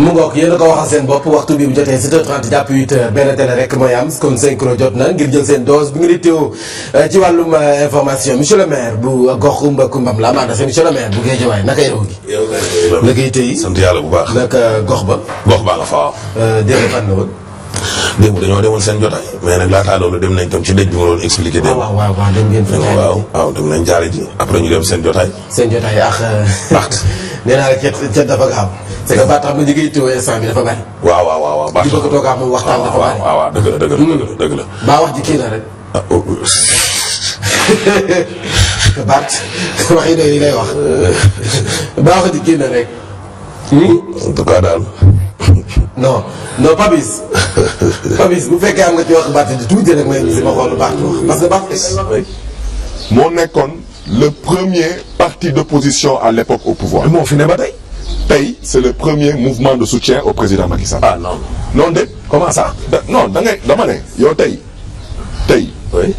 mu ngoog yéen a ko waxal seen bopp waxtu bi bu jotee 7h30 jàpp 8h benn télé rek mooy am kon synchro jot na ngir jël seen dose bi nga di teew euh, ci wàllum euh, information monsieur le maire bu gox Kumba Kumbam la maa dafa monsieur le maire bu na koy tey bu baax naka gox ba. gox baa nga fa waaw. Euh, démb fan la woon. démb seen jotaay mais nag laataa loolu dem nañ tam ci dëj bi ma doon expliqué. Ah, dem ngeen fa jaay waaw waaw dem nañ jaare ji après ñu dem seen jotaay. seen jotaay ak. Ah. waxtu nee naa la cet cet dafa gaaw. te dafa tax ba ñi ngay teewoo instant bi dafa bari. waaw waaw waaw baax di a a am waxtaan dafa bari. waaw waaw dëgg kii la rek. Ah, oh, oh, oh. Bart wax yi doy lay wax baa wax ji kii rek. Hmm? en tout daal. non non Pabis bu fekkee am nga ci wax Bart di tuuti rek may si xool Bart wax parce que Bart. moo nekkoon le premier parti d'opposition à l'époque au pouvoir. moo fi ne ba tey c'est le premier mouvement de soutien au président Macky Sall. ah non non de comment ça. da non da ngay yow tey tey. oui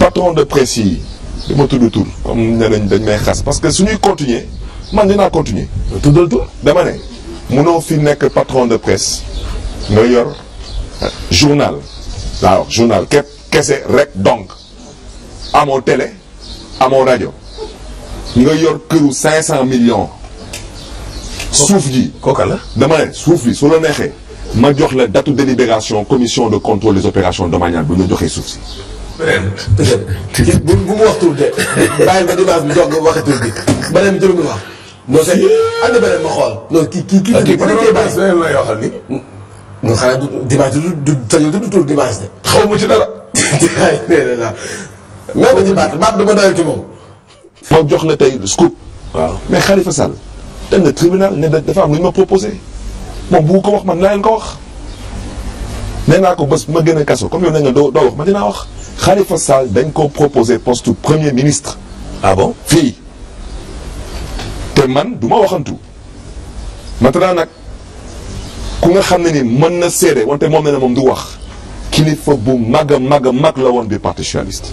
patron de presse yi di ma tudd comme ñeneen dañ may xas parce que suñuy continuer man dinaa continuer. tuddal tur dama ne mënoo fi nekk patron de presse nga yor euh, journal waaw journal képp kese rek donc amoo télé amoo rajo nga yor këru 500 millions. suuf ji kooka la dama ne suuf bi su la neexee ma jox la date délibération commission de contrôle des opérations domaniales bu ñu joxee suuf si. bu bu mu wax tur de bàyyi ba dimanche bi jox nga waxe tur bi beneen bi jël wax non c'est andi beneen ma xool. non kii kii kii kii lay waxal ni. non xanaa du dimanche du du du tur dimanche de. xaw ma ci dara. mais ba ci baat baat dama doyul ci moom. ma jox la tey scoop. waaw mais Khalifa Sall. dem na tribunal ne dafa am lu ñu ma proposé moom bu ko wax man naa ko wax. nee naa ko bés bu ma gën a kaso comme yow nee nga doo doo wax man dinaa wax Khalifa Sall dañ ko proposé poste premier ministre. ah bon fii te man du ma waxantu maintenant nag ku nga xam ne ni mën na seede wante moom nee na moom du wax kili kilifa bu mag a mag a mag la woon bi parti socialiste.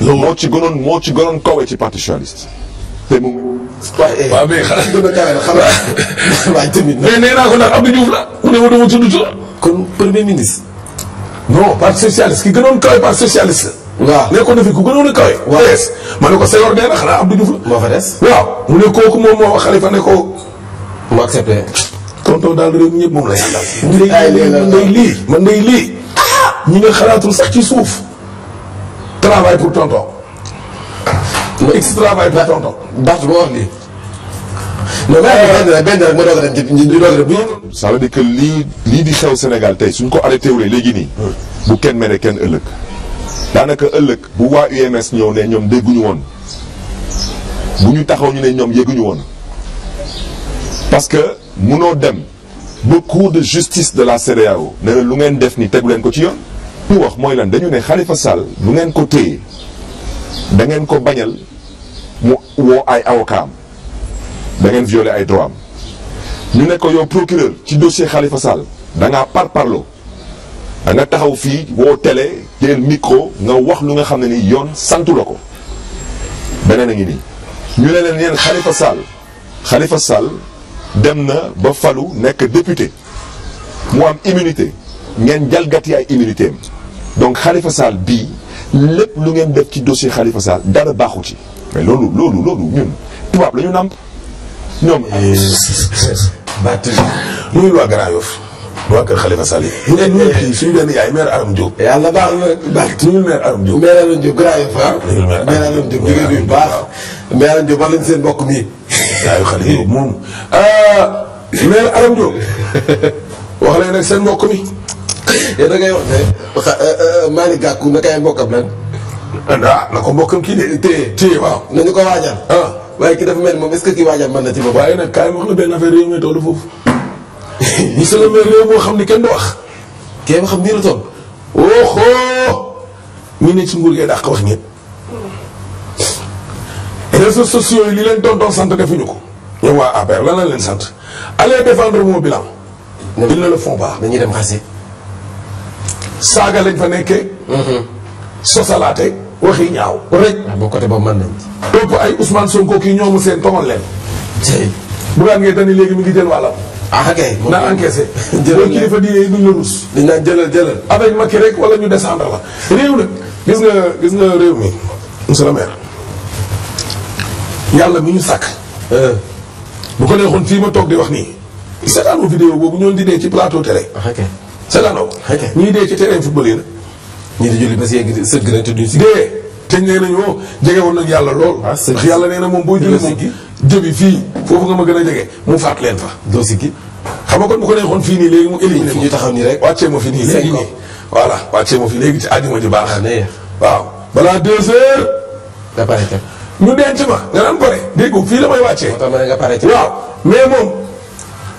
moo ci gënoon moo ci gënoon kawe ci parti socialiste. te moom. waaw eh. mais xanaa dina kawe xanaa waaye tamit. mais nee naa ko ndax Abdou Diouf la. ku ne ma dama tudd tur. kon premier ministre. non parti socialiste ki gënoon kawe parti socialiste la. waaw nekkoon na fi ku gënoon a kawe. waaw PS ma ne ko Senghor nee na xanaa Abdou Diouf la. moo fa des. waaw mu ne kooku moom moo wax Khalifa ne ko. mu accepté. tonton daal réew mi ñëpp moom la ñu àndal. ndey lii man ndey lii. Ah, ñi nga xalaatul sax ci suuf. travail pour tonton. ma ex travail bi tonton. Barth moo lii. ñu doog a dem bu ñu. lii lii di xew Sénégal tey suñ ko arrêté wulee léegi nii. bu kenn mere kenn ëllëg. daanaka ëllëg bu waa UMS ñëw ne ñoom dégguñu woon bu ñu taxaw ñu ne ñoom yégguñu woon parce que munoo dem ba cour de justice de la CEDEAO ne lu ngeen def ni tegu leen ko ci yoon. ñu wax mooy lan dañu ne xalifa Sall lu ngeen ko téye da ngeen ko bañal. mu woo ay avocat am da ngeen violé ay droit am ñu ne yow procureur ci dossier Khalifa Sall da ngaa par parlo da nga taxaw fii woo télé teel micro nga wax lu nga xam ne ni yoon santu la ko beneen a ngi nii ñu ne leen yeen Khalifa Sall Khalifa Sall dem na ba falu nekk député mu am immunité ngeen jalgati ay immunité donc Khalifa Sall bii lépp lu ngeen def ci dossier Khalifa Sall dara baaxu ci mais loolu loolu loolu ñun tubaab la ñu nàmp ñoom. baat yi nuyu waa Grand Yoff. waa kër Khalifa Sall yi. ñu ne ñu kii suñu benn yaay maire Aram Diop. yàlla baax na baax na ñu maire Aram Diop. maire wax nañu seen mbokk mi. yaayu Khalifa Diop moom ah, maire Aram Diop wax rek seen mbokk mi. yéen eh, da ngay wax ne eh, eh, Malick Gakou naka ay mbokkam lan. ah na ah, ah, ko mbokkam kii de téye téye waaw nañu ko waajal ah waaye ki dafa mel moom est-ce que kii waajal mën na ci boppam waaye nag kaay wax la benn affaire réew xam ni kenn du wax kee ma xam nii la mi ne ci nguur gee dàq wax ñëpp sociaux yi li leen doon doon sant defuñu ko ñoom waa APR lan la leen sant allez défendre mon bilan ils ne la font pas dañuy dem xase saaga lañ fa nekkee mm-hmm. sosalaate waxi ñaaw rek. Ah, boo côté boobu mën nañ ci. topp ay Ousmane Sonko kii ñoomu seen toxal leen. tey. bu ngeen dañuy léegi mi ngi jël wàllam. ah kay moom naa encaissé. jëlal leen kilifa diine yi duñ la rus. dañ naan jëlal jëlal. avec Macky rek wala ñu descendre la réew nag. gis nga gis nga réew mi monsieur le maire yàlla mi ñu sàkk. Euh. bu ko neexoon fii ma toog di wax nii. seetaanoo vidéo boobu ñoon di dee ci plateau télé. ah ok seetaanoo ko. ñuy dee ci terrain football yi nag. ñi di julli ba si yegg sëgg na te duñ si. dee te nee nañu oh, woo nag yàlla lool. Ah, ndax yàlla nee na moom boo julli moom jëmi fii foofu nga ma gën a jege mu faat leen fa. doo sikki xam nga kon bu ko neexoon fii nii léegi mu éliminé fi ñu taxaw nii rek wàccee ma fi nii léegi nii wàccee ma fi léegi ci àjjuma ji baax ah, waaw balaa deux heures nga pare ñu denc ma nga naan pare dégg fii la may wàccee waaw mais moom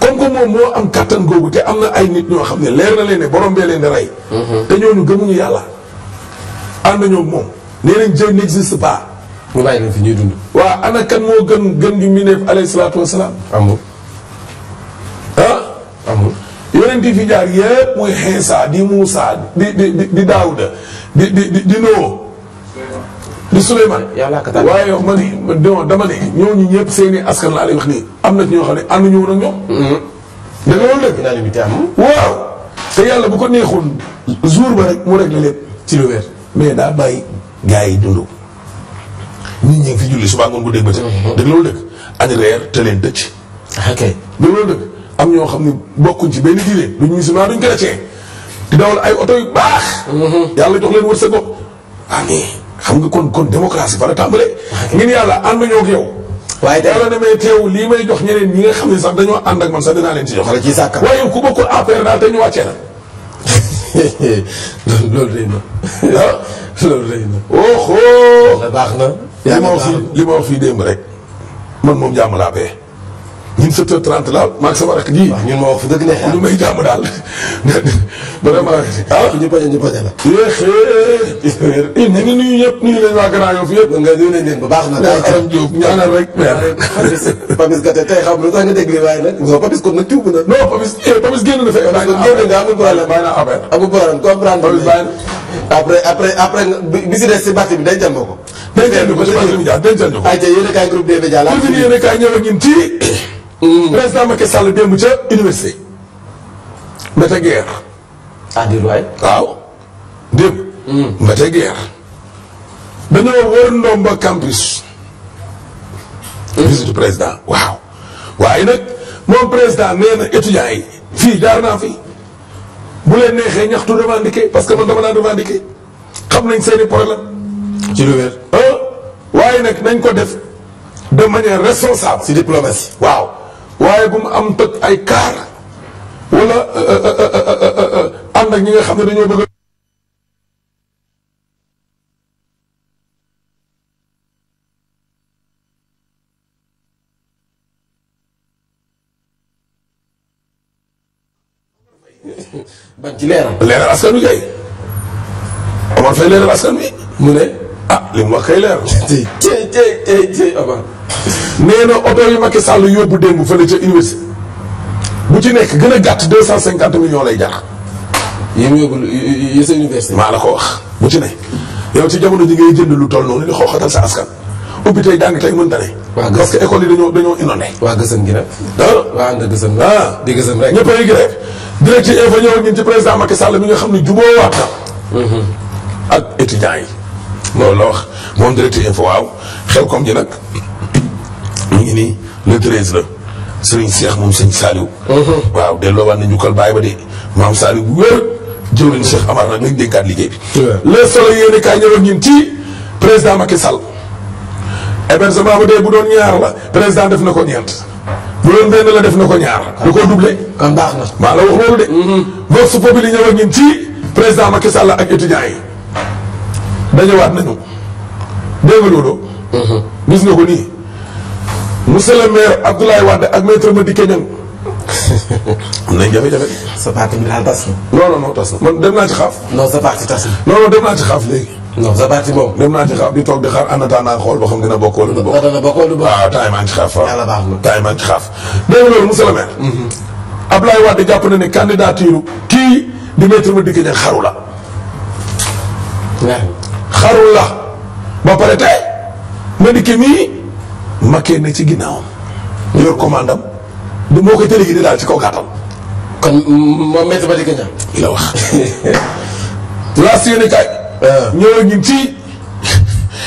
comme que moom moo am kàttan googu te am na ay nit ñoo xam ne leer na leen ne borom bee leen di rey. Mm-hmm. te ñooñu gëmuñu yàlla. ànd ñoo moom nee nañ Dieu n'existe pas. mu bàyyi leen fi ñuy dund. waa ana moo gën gën gi mineef alayhi salaatu wa salaam. amul. ah. amul yonent yi fi jaar yëpp muy Xiisa di Muusa di di di Daawuda di di di Nuux. di Souleymane waaye yow ma ne dama ne ñooñu ñëpp seeni askan laa lay am na ci ñoo xam ne ñu woon ak ñoom. Mm-hmm. da nga loolu dëgg. waaw. te yàlla bu ko neexoon jour ba rek mu réglé lépp ci lu weer mais daa bàyyi gars yi dund. nit ñi fi julli suba ngoon gu mm-hmm. dégg ba ca. dëgg loolu dëgg añ reer te leen dëcc. ok dëgg loolu dëgg am ñoo xam ne bokkuñ ci benn diine duñ musulman duñ chrétien di dawal ay oto yu baax. Mm-hmm. yàlla jox leen wërsëg bopp. amiin. xam nga kon kon démocratie fa la tàmbalee. ngeen yàlla ànd ñoo ak yow. waaye dara yàlla demee teew lii may jox ñeneen ñi nga xam ne sax dañoo ànd ak man sax dinaa leen na. loolu rëy na ah loolu rëy na. oh xoo. baax na. yaa ngi li ma wax fii démb rek man moom jàmm laa ñun 7h30 la maag sama rakk ji. ñun ma wax fu dëgg neexee. lu may jàmm daal a ah ñu bañ ñu bañ la. yéen ñu ngi nuyu leen waa Grand Yoff yëpp. nga nuyu leen ba baax na. Aram a ñaanal rek. Papis Gate tey xam lu tax nga dégg li waaye nag. non Papis kon nag tiw na. non Papis Papis génn na fekk. génn nga amul problème bàyyi naa affaire. amul problème bi si si bàtt bi dencal ma ko. dencal ma ko dencal ma ko. ayca yéen a kaay groupe D Mm. président Macky Sall démb ca université. Mbete Guèye. ah di waay. waaw démb. Mm. Mbete Guèye. dañoo wër ndomba campus. Mm. visite président waaw. waaye nag moom président nee na yi fii jaar naa fi bu leen neexee ñaxtu revendiqué parce que man dama daan revendiqué xam nañ seeni problème. ci lu wér. Ah. waaye nag nañ ko def de manière responsable. si diplomatie waaw. waaye bu mu am toj ay kaar wala euh, euh, euh, ànd ak ñi nga xam ne dañoo bëgg ba ci leeral. leeral askan wi kay. leeral askan wi. mu ne ah li mu wax kay leeral. tey tey tey tey Omar. nee na oto yi Macky Sall yóbbu démb fële ca université bu ci nekk gën a gàtt deux cent cinquante millions lay jar. yi mu yóbbu yi sa université. maa la ko wax bu ci ne yow ci jamono ji ngay jënd lu toll noonu li xooxatal sa askan. ubbi tey jàng tey mënta ne. waa parce que école yi dañoo dañoo inondé. waa gësëm gi nag. ah waa nga gësëm. ah di info ñëw ñun ci président Macky Sall mi nga xam ne jubóowaat na. Mm-hmm. ak étudiants yi. loolu la wax moom direct ci info waaw nii le treize la sëriñ Cheikh moom sëñ Saliou. Mhm. waaw delloowaat nañu ko bàyyi ba de maam Saliou bu wér jëwriñ Cheikh Amar nag nañ dénkaat liggéey bi. le soleil yéen kaay ñëw ak ci président Macky Sall. hébergement bu dee bu doon ñaar la président def na ko ñeent. bu doon benn la def na ko ñaar. da koo doublé. kon ah, baax na maa la wax loolu de. Mhm. ak ñun ci président Macky Sall ak étudiants yi. dañëwaat nañu dégg nga mhm. gis nga ko nii. monsieur le maire Abdoulaye Wade ak maître Madické Niang am nañ jafe-jafe. sa parti bi tas na. man dem naa ci xaaf. non dem naa ci xaaf léegi. non boobu. dem naa ci xaaf di toog di xaar en xool ba xam dina bokk wala du bokk. dana bokk ci ah, xaaf. Ah. yàlla baax na ci xaaf. dégg nga loolu monsieur le maire. Mhm. Abdoulaye Wade jàpp na ne candidature kii di maître Madické Niang xaru la. xaru la ba pare tey Madické nii. Macky ne ci ginnaawam yor commandam du moo koy délégué di daal ci kaw gàttal. kon moom maître Madické Niang la wax. la Sénégal kaay. ñoo ngi ci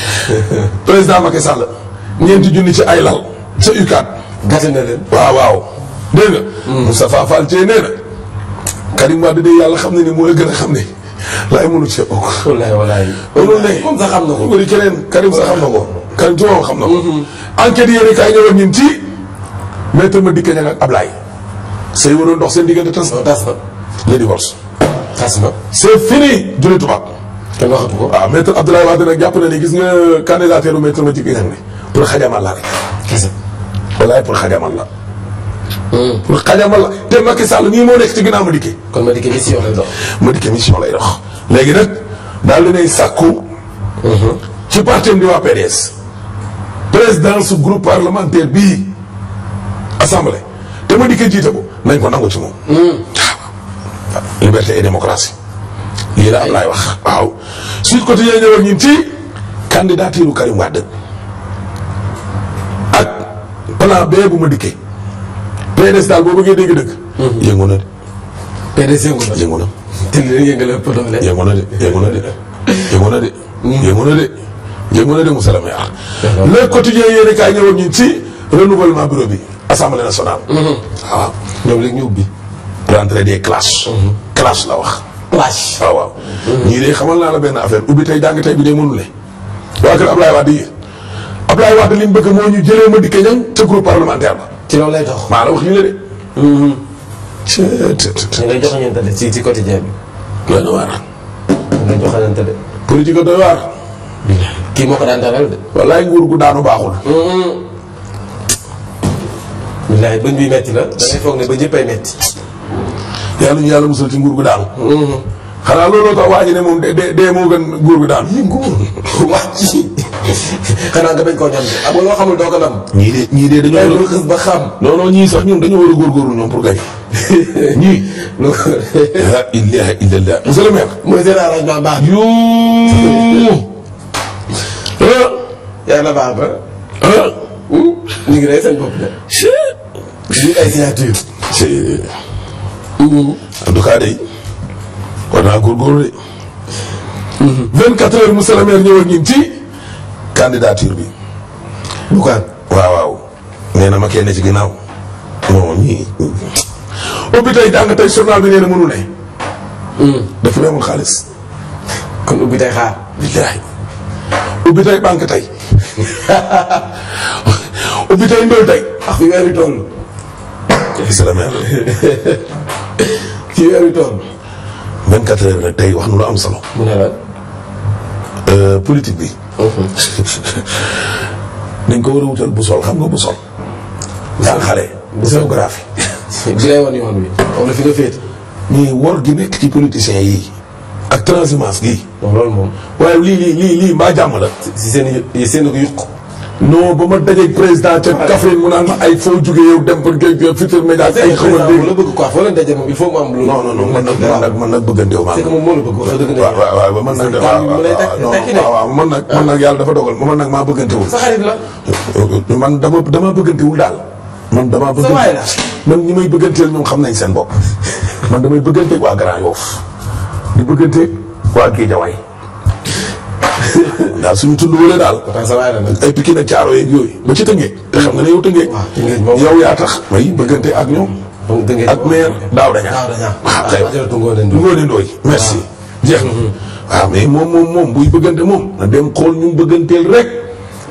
président Macky Sall ñeenti junni ci ay lal ca UCAD. gàtt na leen waaw waaw. dégg nga. Hmm. Moustapha Fall Thiel Karim Wade de yàlla xam ne ni moo la gën a xam ne laay mënu cee bokk. wallaahi wallaahi. wallaahi comme sax xam na ko. wala keneen Karim sax xam na ko. kan ci waxoon xam na ko. Mhm. enquête yéen kaay ñëwoon ñun ci maître Madické Niang ak Ablaye. sëy waroon dox seen diggante tas na. tas na le divorce. tas na c'est fini juli tubaab. kenn waxatu ko waaw ah, maître Abdoulaye Wade nag jàpp na ni gis nga candidature maître Madické Niang pour xajamal la rek. kese wallaay pour xajamal la. Hmm. pour xajamal la te Macky Sall nii moo nekk ci ginnaaw Madické. kon Madické mission lay dox. Madické mission lay dox. léegi nag daal di nay sàkku. Mhm. ci parti am di waa PDS. président su groupe parlementaire bii assemblée te ma dikkee jiite ko nangu ci hmm. liberté et démocratie. lii la am laay wax waaw. suite côté yooyu ñëw ak ñun ci ak plan B bu ma dikkee. PDS daal boo bëggee dégg dëgg. Hmm. yëngu na de. PDS yëngu de yëngu na de yëngu na de. Hmm. yooyu mën a déglu Salam yi ah. le quotidien yéen kaay ñëwoon ci renouvellement bureau bi assemblée nationale. waaw ñoom léegi ñu ubbi. rentrée des classes. Mm-hmm. classe la wax. classe ah, waaw waaw. Mm-hmm. ñii de xamal naa la benn affaire ubbi tey jàng tey bi de mënule. waa kër Ablaye Wade yi Ablaye Wade li mu bëgg moo ñu jëlee ma dikkee ñoom ca groupe parlementaire ba. ci loolu lay dox maa la wax mm-hmm. ñu ne de. ci ñu lay joxañante de ci ci quotidien bi. loolu la waar. ñu lay joxañante kii moo ko daan dalal de. wallaay nguur gu daanu baaxul. billaay mm-hmm. bëñ bi metti la da yàlla ñu ci nguur gu daanu. Mm-hmm. xanaa looloo tax waa ji ne moom de de koo ñam de amul xamul doo ko nam. ñii de ñii de war a xës ba xam. non non a ñoom pour gañ. ñii. la ilaha illallah. monsieur le maire. mooy seen arrangement baax. yoo. yàlla baax ba. ñu ngi rey seen bopp de. ñu ay signature. c'est. en tout cas day de. 24 heures monsieur le maire ñëw ak ñun ci. candidature bi. bu ko waaw waaw. na ma kenn ci ginnaaw. bon ñii. ubbi tey jàng tey bi nee na mënu ne. Hmm. dafa demul xaalis. kon ubbi tey xaar. billaahi. ubbi tey banque tey ubbi tey ndóol tey ah fi weer wi toll. gis la mel ci weer wi toll. 24 heures nag tey wax nu lu am solo. mu ne la. Euh, politique bi. dañ ko war a wutal bu sol xam nga bu sol. yaa xale. géographie. bi lay wan yoon wi. wala fi nga féet. ñuy wor gi nekk ci politiciens yi. ak transhumance gii. waaw loolu moom. waaye lii lii lii lii mbaa jàmm la. si seen i seen i ba ma dajeeg président ca Kaffrine mu naan ma ay foo jugee yow dem ba géej futur média ay xamal dégg la bëgg quoi foo leen daje moom il faut mu am. loolu non non non man nag man nag man nag bëgganteewu ma. c'est que moom moo la bëgg wax dëgg waaw man nag. waaw waaw man nag man nag yàlla dafa dogal man nag maa bëggantewul. sa xarit la. man dama dama bëggantewul daal. man dama bëggante man ñi may bëgganteel ñoom xam nañ seen bopp man damay bëggante waa Grand di bëggante waa Géejawaay daal suñu tund wala daal. ay Pikine ak Caaro yeeg yooyu ba xam nga ne yow Tëngéej. yow yaa tax may bëggante ak ñoom. ak meer daaw dañaa. waaw kay merci jeex na waaw mm-hmm. ah, mais moom moom moom buy bëggante moom na dem xool ñu bëgganteel rek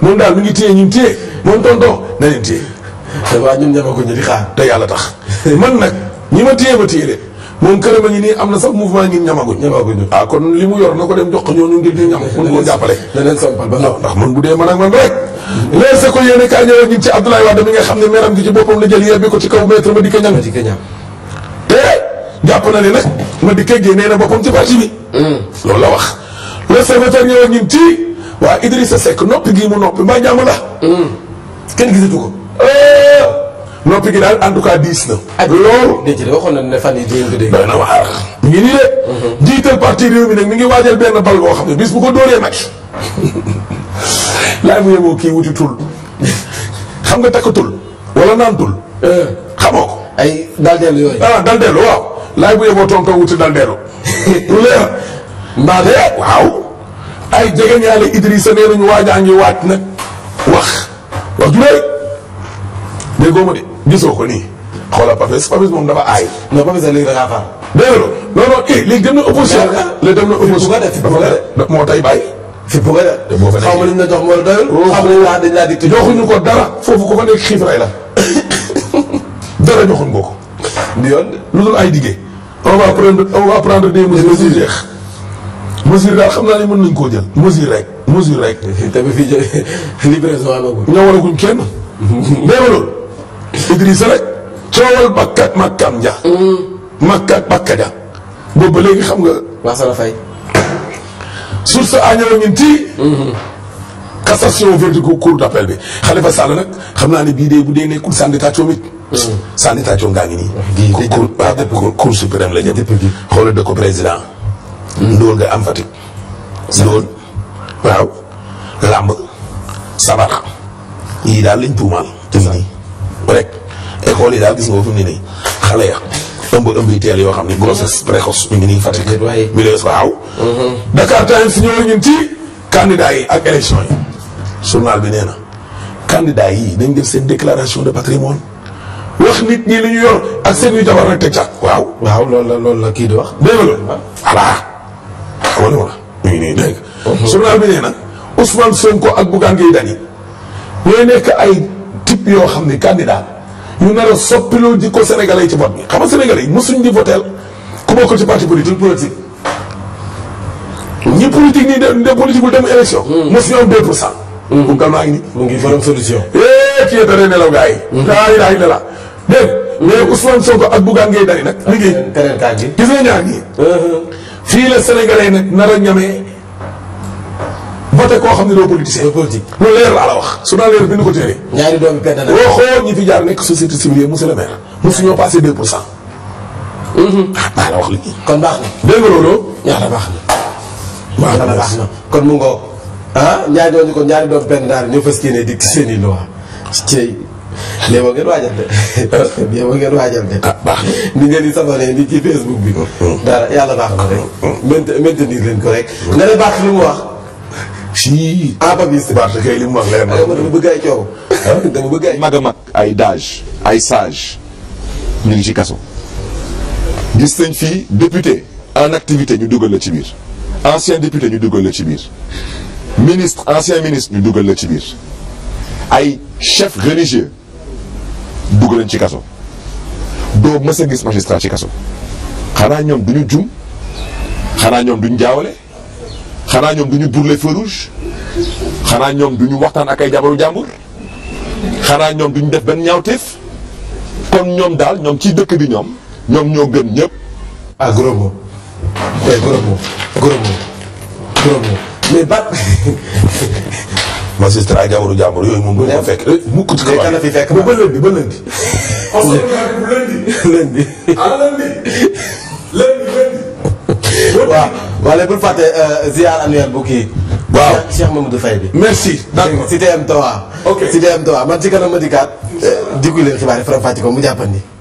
moom daal mu ngi téye ñu téye moom tonton na leen téye. waaw ñun ñama ko ñu di xaar. te yàlla tax man nag ñi ma téye ba téye de. moom këram a nii am na sax mouvement ngi ñamaguñ. ñamaguñ ah kon li mu yor na ko dem jox ko ñooñu ngir ñu ñam. mën koo jàppale. na ndax man bu dee man man rek. leer sa ko yéene kaay ñëw ak ci Abdoulaye Wade mi nga xam ne meram gi ci boppam la jël yebbi ko ci kaw maître ma di ko ñam. ma na ni nag ma di ko ci parti bi. Hmm. loolu la wax. le secrétaire ñëw noppi gii mu noppi mbaa jàmm la. Hmm. kenn gisatu ko. noppi gi daal en tout cas diis na. ak loolu. dégg nga waxoon ngi nii de. Mhm. jiital parti réew mi nag mi ngi waajal benn bal boo xam ne bis bu ko dóoree nag. laaj mu yemoo kii wuti tul xam nga takk tul wala naan tul. Euh. xamoo ko. ay dal yooyu. Ah, waaw. laaj eh, waaw. ay jege ñaale Idrissa nee nañu waajaa ngi waat nag. wax wax ju rëy de. gisoo ko nii xoolal Papis Papis moom dafa aay. non Papis léegi da ngaa far. dégg nga non non eh léegi dem na opposition. léegi dem na opposition def moo tay bàyyi. fi bu ko def xaw ma li ñu la jox wala doyul. Oh. xaw ma li ñu la dañ laa dikk joxuñu ko dara foofu ko fa nekk xiif ray la dara joxuñu ko ko. di yoon lu dul ay diggé. on va prendre on va prendre des mesures jeex. mesure daal xam naa ne mën nañu koo jël. mesure rek mesure rek. tamit fii jë libération amaguñ. ñoo waraguñ kenn. Idrissa rek coowal bakkat makkaam nja mm-hmm. makkaat bakkat ja boobu ba léegi xam nga. waa Sala Faye. suuf sa àññoo ñun tii. Mm-hmm. cassation verdict cour d'appel bi Khalifa Sall nag xam naa ne bii de bu dee nekkul sanitation it. Mm-hmm. sanitation ngaa ngi nii. cour ah, cour cour suprême la jëm. xoolal de ko président. nga am Fatick. ndóol waaw. làmb sabar. yii daal lañ tuumaal. te rek école yi daal gis nga fi ne nii xale ya ëmb ëmb yi teel yoo xam ne grossesse précoce ñu ngi nii Fatick. milieu waaw. Dakar Times ñëw ñun ci candidat yi ak élection yi journal bi nee na candidat yi dañ def seen déclaration de patrimoine wax nit ñi li ñu yor ak seen yu jabar nag teg ca waaw. waaw loolu la loolu la kii di wax. dégg nga ah. voilà wala wala ñu ngi nii dégg mm-hmm. ñooy nekk ay. type yoo xam ni candidat yu nar a soppiloo jikko sénégalais yi ci vote bi xam nga sénégalais yi mosuñ di voteel ku bokkul ci parti politique politique ñi politique nii de de politique bu dem élection. Hmm. am 2 pour cent. bu hmm. gàllanaa ngi nii. mu ngi borom solution. Eh, kii yee nelaw gars yi. daa yi daa yi dala dégg hmm. mais Ousmane Sonko ak Bougane Gueye Dany nag. liggéey fii la sénégalais nag nar a voté koo xam ne doo politicien. doo politique lu leer laa la wax. su naa leer bi nu ko téere. ñaari doomi benn la. waxoo ñi fi jaar nekk société civile monsieur le maire. mosu ñoo passé 2 pour cent. Mhm. ah baax na wax li kon baax na. dégg nga loolu. ñaata baax na. baax na baax na kon mu ngoog. ah ñaari doomi kon ñaari doomi benn daal ñoo fas yéene dikk seen i loi. ci léegi ba ngeen waajal de léegi ba ngeen waajal de. ah baax na ni ngeen di safaree ni ci Facebook bi. Mm-hmm. dara yàlla baax na rek. Mm-hmm. maintenir leen ko rek. nga ne baax lu mu wax. si. ah Papis Sibaate kay li mu wax na. dama bëgg ay coow. Ah? dama bëgg ay mag a mag ay dage ay sage ñu ngi ci kaso. gis nañ fii député en activité ñu dugal la ci biir ancien député ñu dugal la ci biir ministre ancien ministre ñu dugal la ci biir ay chef religieux dugal lañ ci kaso doo mës a gis magistrat ci kaso xanaa ñoom duñu jum xanaa ñoom duñu jaawale. xanaa ñoom du ñu brûler feu xanaa ñoom du ñu waxtaan ak ay jabaru jàmbur xanaa ñoom du ñu def benn ñaawteef kon ñoom daal ñoom ciy dëkk bi ñoom ñoom ñoo gën ñëpp. ah gros mot eh gros mot gros mot ay jabaru jàmbur yooyu moom. bu ko fekk eh, mukk ci kaw a fi fekk. ba ba lëndi ba lëndi. on se lëndi. lëndi. lëndi. lëndi lëndi. waaw. wala bul fàtte euh, ziar annuel bu kii. waaw Cheikh Mamadou Faye bi. merci d'accord cité M3. ok cité M3 man ci kanam ma dikkaat. Euh, leen xibaar yi faram fàcce ko mu jà jàppandi.